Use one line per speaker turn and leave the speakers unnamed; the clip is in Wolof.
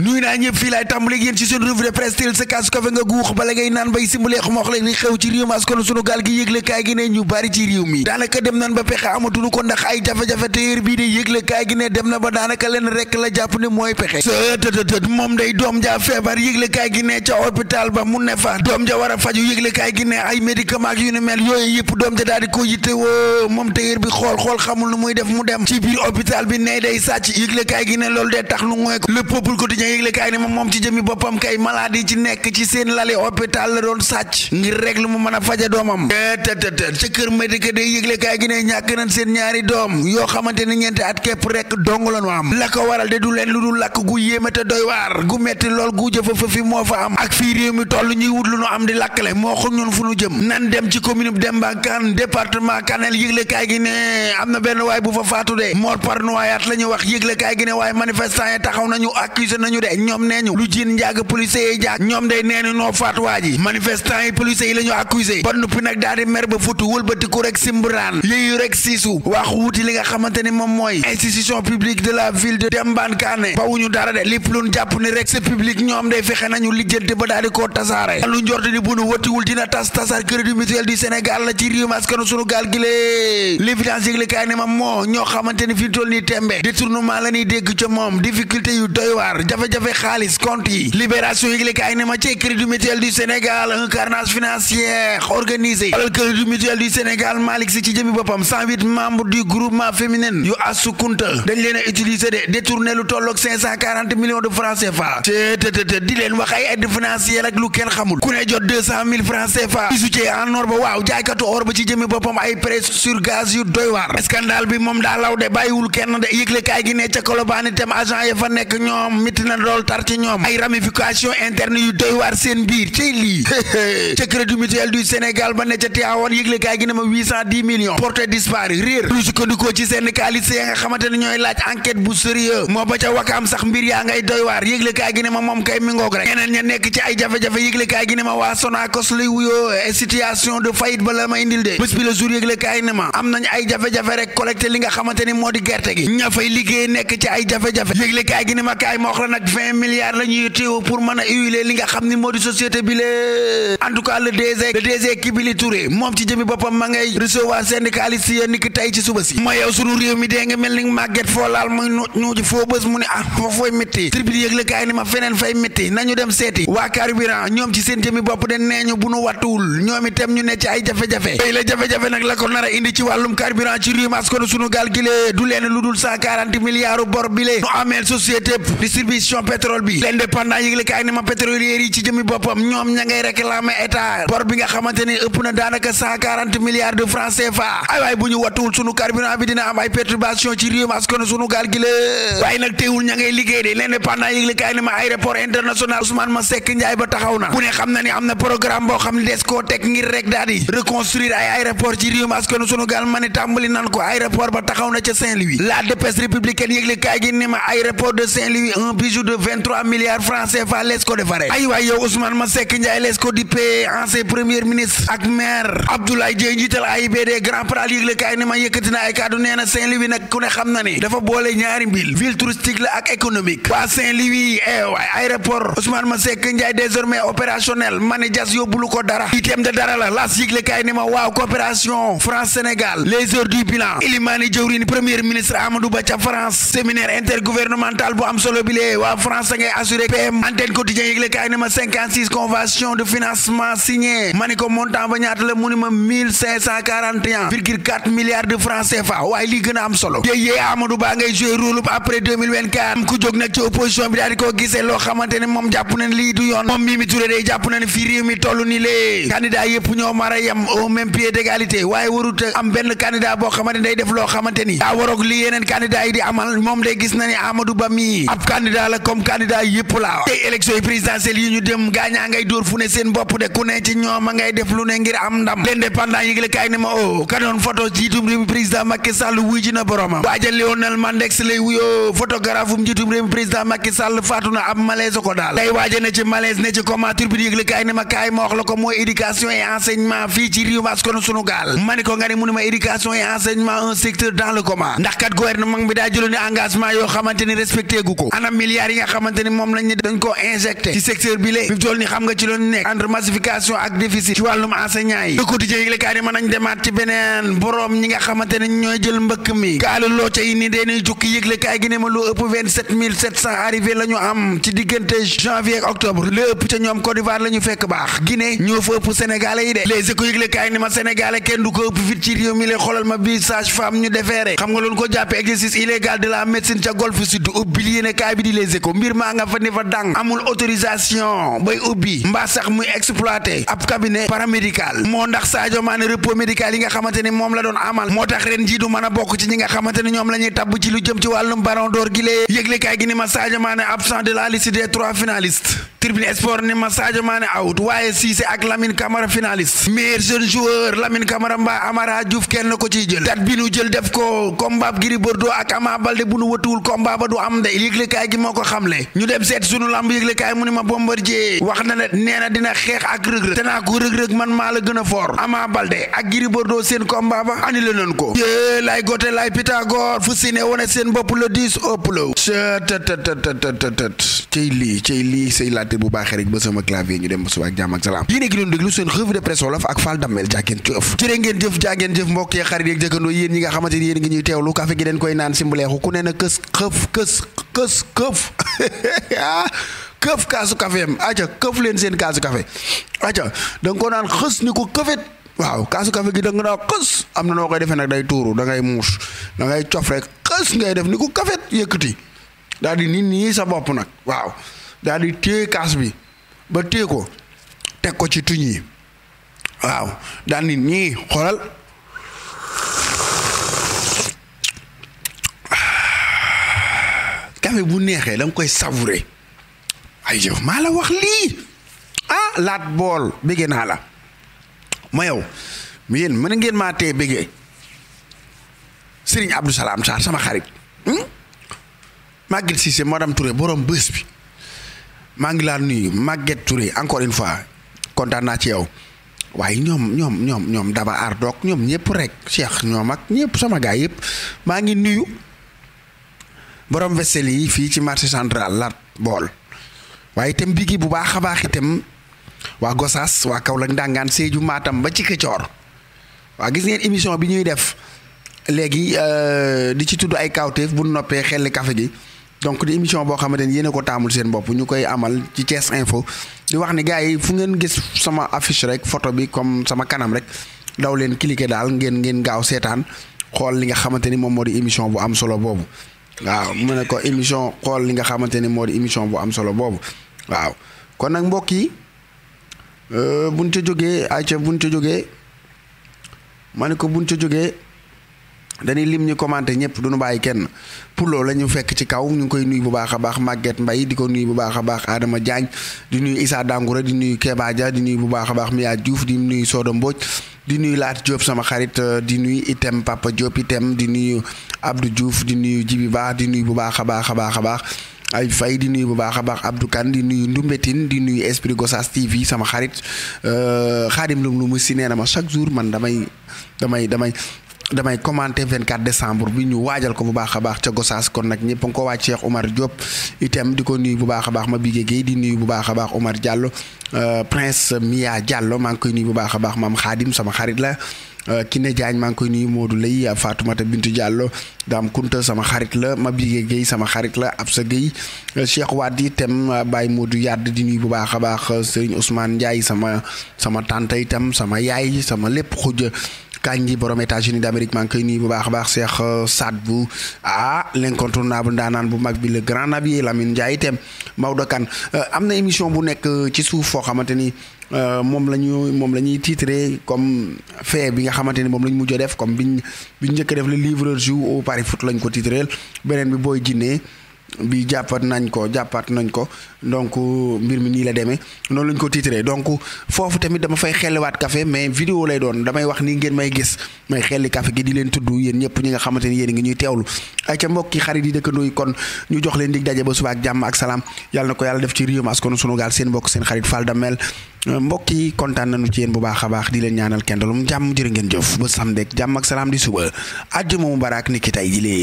nuy naa ñëpp fii laay tàmbali yéen ci seen revue de presse sa kaas kafe nga guux bala ngay naan bay simbalee xuma xew ci réew mi askan sunu gaal gi yëglekaay gi ne ñu bari ci réew mi daanaka dem nañ ba pexe amatunu ko ndax ay jafe-jafe téer bii de yëglekaay gi ne dem na ba daanaka leen rek la jàpp ne mooy pexe moom day doom ja feebar yëglekaay gi ne ca hôpital ba mu ne fa doom ja war a faju yëglekaay gi ne ay médicament yu ni mel yooyu yëpp doom ja daal di ko moom téer bi xool xool xamul nu muy def mu dem ci biir hôpital bi ne day sàcc yëglekaay gi ne loolu dee tax lu mooy le peuple quotidien yëgle kaay ne moom moom ci jëmi boppam kay malade ci nekk ci seen lali hôpital la doon sàcc ngir rek lu mën a faja doomam tëtëtë ca kër médica day yëgle kaay gi ne ñàkk nañ seen ñaari doom yoo xamante ni ñeenti at képp rek dong la ñu am la ko waral de du leen lu dul lakk gu yéeme te doy waar gu metti lool gu jëfa fa fi moo fa am ak fii réew mi toll ñuy wut lu ñu am di lakkale moo xam ñun fu ñu jëm nan dem ci commune dem Kane département Kanel yëgle kaay gi ne am na benn waay bu fa faatu de mort par noyade ñu de ñoom nee ñu lu jiin njaag policier yi jaag ñoom day nee ñu noo faat waa ji manifestant yi policier yi la ñu ba noppi nag daal mer ba futu wëlbatiku rek simbraan yéyu rek siisu wax wuuti li nga xamante ni moom mooy institution publique de la ville de Demba Kane bawuñu dara de lépp lu ñu jàpp ni rek c'est public ñoom day fexe nañu lijjanti ba daal di tasaare lu njort ni bu nu wëttiwul dina tas tasaar crédit mutuel du Sénégal la ci réewum askanu ne ma moo ñoo jafe-jafe xaalis compte yi libération yëgle kaay ma ci crédit mutuel du Sénégal un carnage financier organisé alal crédit mutuel du Sénégal Malick si ci jëmi boppam 108 du groupement féminin yu asukunta dañ leen a de détourner lu tolloog 540 millions de francs CFA te di leen wax ay aide financière ak lu kenn xamul ku ne jot 200 000 francs CFA en or ba waaw jaaykatu or ba ci jëmi boppam ay prêts sur gaz yu doy waar scandale bi moom dina lool tar ci ñoom ay ramification interne yu doy seen biir ci lii ca crédit mutuel du Sénégal ba ne ca Tivaouane yëglekaay gi ne ma 810 ma moom kay mi rek ñeneen ña nekk ci ay jafe-jafe yëglekaay gi ne ma waa Sonacos luy wuyoo situation de faillite ba ma indil de bés bi la jour yëglekaay ne ma am nañ ay jafe-jafe rek collecté li nga xamante moo di gerte gi ña fay liggéey nekk ci ay jafe-jafe yëglekaay gi ne ma kaay ma nag vingt milliards la ñuy pour mën a huiler li nga xam ni moo di société bi lée en tout Kibili Touré moom ci jëmi boppam ma ngay recevoir syndicaliste yi ni ki tey ci suba si ma yow sunu réew mi dee nga mel ni màgget foo laal mu ñuuji foo bës mu ne ah foofu fay métti yëgle kaay ni ma feneen fay métti nañu dem seeti waa carburant ñoom ci seen jëmi bopp de nee ñu bu nu wattuwul ñoom itam ñu ne ci ay jafe-jafe tey la jafe-jafe nag la ko nar a indi ci wàllum carburant ci réew mi askanu sunu gaal gi lee lu dul cent quarante milliards bor bi lee nu production pétrole bi l'indépendant kaay ne ma pétrolière yi ci jëmi boppam ñoom ña ngay réclamer état bor bi nga xamante ëpp na daanaka milliards de francs CFA ay bu ñu wattuwul sunu carburant bi dina am ay perturbation ci réew askanu sunu gaal gi la nag teewul ña liggéey de l'indépendant yëgle kaay ne ma aéroport international Ousmane Masseck Ndiaye ba taxaw na ku ne xam na ni am na programme boo xam des koo ngir rek daal di ay aéroport de milliards francs CFA lees ko defare ay waay yow Ousmane Masseck Ndiaye lees ko di pay ancien premier ministre ak maire Abdoulaye Dieng njiital AIBD grand pral yëgle kaay ne ma yëkkati na ay kàddu nee na Saint-Louis nag ku ne xam na ne dafa boole ñaari mbil ville touristique la ak économique waa Saint-Louis eh waay aéroport Ousmane Masseck Ndiaye désormais opérationnel mani jas yóbbulu ko dara item de dara la laas yëgle kaay ma waaw coopération France Sénégal les heures waa France ngay assuré PM antenne quotidien yëgle kaay ne ma cinquante six convention de financement signé ma ni ko montant ba ñaata la mu ni ma mille quatre milliards de francs CFA waaye lii gën a am solo te yee Amadou Ba ngay joué rôle après deux mille vingt ku jóg nag ci opposition bi daal di ko gisee loo xamante moom jàpp na lii du yoon moom Mimi Touré day jàpp na ne fii mi toll ni lee candidat yëpp ñoo mara yem au même pied d'égalité waaye warut am benn candidat boo Ba la comme candidat yëpp laa wax élection yi présidentielle yi ñu dem gaañaa ngay dóor fu ne seen bopp de ku ne ci ñoom a ngay def lu ne ngir am ndam l'indépendant yëgle kaay ne ma o oh, ka doon jiitum um réew mi président Macky Sall faatu na ab malaise ko daal day waaja ne ci malaise ne ci comment tribune yëgle kaay ne ma kaay ma wax la ko mooy éducation et enseignement fii ci réew askanu sunu gaal ma ko nga ne mu ne ma éducation et enseignement un secteur milliards yi nga xamante ni moom lañ ne dañ koo injecté ci secteur bi lée bi ni xam nga ci loon nekk entre massification ak déficit ci wàllum enseignant yi le ci yëglekaay gi ma lu ëpp vingt-sept am ci diggante janvier octobre lu ëpp ca ñoom Côte d'Ivoire fekk baax Guinée ñoo fa ëpp sénégalais yi de les éco yëglekaay ni ma sénégalais kenn du ko ëpp fit ci réew mi lee ma bii sage femme ñu defeere xam nga loolu ko jàppe exercice illégal de la médecine utiliser ko mbir maa nga fa ne fa dang amul autorisation bay ubbi mbaa sax muy exploité ab cabinet paramédical moo ndax Sadio Mané repos médical yi nga xamante ni moom la doon amal moo tax ren jii du a bokk ci ñi nga xamante ni ñoom lañuy ñuy tabb ci lu jëm ci wàllum Ballon d'Or gi lee yëglekaay gi ni ma Sadio absent de la liste des trois finalistes tribune sport ni ma Sadio Mané out waaye Cissé ak Lamine Camara finaliste meilleur jeune joueur Lamine Camara mbaa Amara Diouf kenn ko ciy jël dat bi nu jël def ko combat Gris Bordeaux ak Ama Baldé bu nu wëtuwul combat du am de yëglekaay gi moo ko xamle ñu dem seet sunu lamb yëglekaay mu ni ma Bombardier wax na ne nee na dina xeex ak rëg-rëg te naa ko man maa la gën a fort Ama Baldé ak Gris Bordeaux seen combat ba annulé nañ ko yée lay gote lay Pythagore fu si ne wone seen bopp le 10 ëpp la cëtëtëtëtëtëtët cey lii cey lii sëy laat ordinateur bu baaxee rek ba sama clavier ñu dem ba suba ak jàmm ak salaam yéen a doon déglu seen revue de presse wolof ak Fall Dammel jàngeen jëf jërë jëf jàngeen xarit yeeg jëkkandoo yéen ñi nga xamante ni yéen ngi ñuy teewlu café gi leen koy naan simbuleexu ku ne na kës xëf kës kës këf ah, këf kaasu café am këf leen seen kaasu café aca da nga ko naan xës ni ko këfet waaw kaasu café gi da nga naa xës am na noo koy defee nag day tuuru dangay ngay muus da ngay cof rek xës ngay def ni ko kafet yëkkati daal di nit ñi daal di téye kaas bi ba téye ko teg ko ci tuñ yi waaw daal ni ñii xoolal café bu neexee da koy savourer ay jëf maa la wax lii ah laat bool béggee naa la ma yow mi yéen mën ngeen maa tee béggee Serigne Abdou Salam Sarr sama xarit hmm? Maguette Cissé madame Touré borom bés bi maa ngi laa nuyu Maguette Touré encore une fois kontaan naa ci yow waaye ñoom ñoom ñoom ñoom daba ardoog ñoom ñëpp rek Cheikh ñoom ak ñëpp sama gaay yëpp maa ngi nuyu borom vaisselle yi fii ci marché central la bool waaye itam bigi bu baax a baax itam waa Gosaas waa Kaolack Ndangaan Sédhiou maatam ba ci Këcoor waa gis ngeen émission bi ñuy def léegi euh, di ci tudd ay kawteef bu noppee xelli kafe gi. donc di émission boo xamante ni yéen ko taamul seen bopp ñu koy amal ci Thiès Info di wax ni gars yi fu ngeen gis sama affiche rek photo bi comme sama kanam rek daw leen cliquer daal ngeen ngeen gaaw seetaan xool li nga xamante ni moom moo di émission bu am solo boobu waaw mu ne ko émission xool li nga xamante ni moo di émission bu am solo boobu waaw kon nag mbokk yi euh, buñ ca jógee ayca buñ ca jógee ma ne ko buñ ca jógee. dañuy lim ñu commenté ñëpp duñu bàyyi kenn Pulo la ñu fekk ci kaw ñu ngi koy nuyu bu baax a baax Maguette Mbaye di ko nuyu bu baax a baax Adama Diagne di nuy Issa Dangoura di nuyu Keba di nuy bu baax a baax Mia di nuyu Sodo Mbodj di nuyu Laat Diop sama xarit di nuyu item Papa Diop di nuyu Abdou Diouf di nuyu Jibi Ba di nuyu bu baax a baax a baax a baax ay fay di nuyu bu baax a baax Abdou Kane di nuyu Ndumbetin di nuyu Esprit Gossas TV sama xarit xaadim lum lu mu si nee na ma chaque jour man damay damay damay damay commenté 24 décembre bi ñu waajal ko bu baax a baax ca Gosaas kon nag ñëpp a ko waa Cheikh Omar Diop itam di ko nuyu bu baax a baax ma bigee di nuyu bu baax a baax Omar Diallo euh, Prince Mia Diallo maa ngi koy nuyu bu baax a baax maam Xaadim sama xarit la euh, Kiné Diagne maa ngi koy nuyu Modou Lay euh, Fatoumata Bintu Diallo Dame Kunta sama xarit la ma bigee géey sama xarit la Absa Gueye Cheikh Wade itam Baye Modou Yadd di nuyu bu baax a baax Serigne Ousmane Ndiaye sama sama tante itam sama yaay sama lépp xuj Kandji borom États-Unis d'Amérique maa ngi koy nuyu bu baax baax seex euh, Saad bu ah l'incontournable ndaanaan bu mag bi la grand nabier Lamine Ndiaye itam Maodo Kane euh, am na émission bu nekk euh, ci suuf foo xamante ni moom la ñu moom la ñuy titré comme fait bi nga xamante ni moom la ñu mujj def comme biñ biñ njëkk a def le livreur joue au Paris Foot lañ ko titré beneen bi booy jinnee bi jàppat nañ ko jàppaat nañ ko donc mbir mi nii la demee noonu lañ ko titré donc foofu tamit dama fay xelliwaat kafe mais vidéo lay doon damay wax nii ngeen may gis may xelli kafe gi di leen tudd yéen ñëpp ñi nga xamante ni yéen ngi ñuy teewlu ay ca mbokki xarit yi dëkkandoo yi kon ñu jox leen dig daje ba suba ak jàmm ak salaam yàlla na ko yàlla def ci réew mi askanu sunu gaal seen mbokk seen xarit Fall Damel euh, mbokk yi kontaan nañu ci yéen bu baax a baax di leen ñaanal kendalum jàmm jërë ngeen jëf ba samedi ak jàmm ak salaam di suba àjjuma mubarak ni ki tey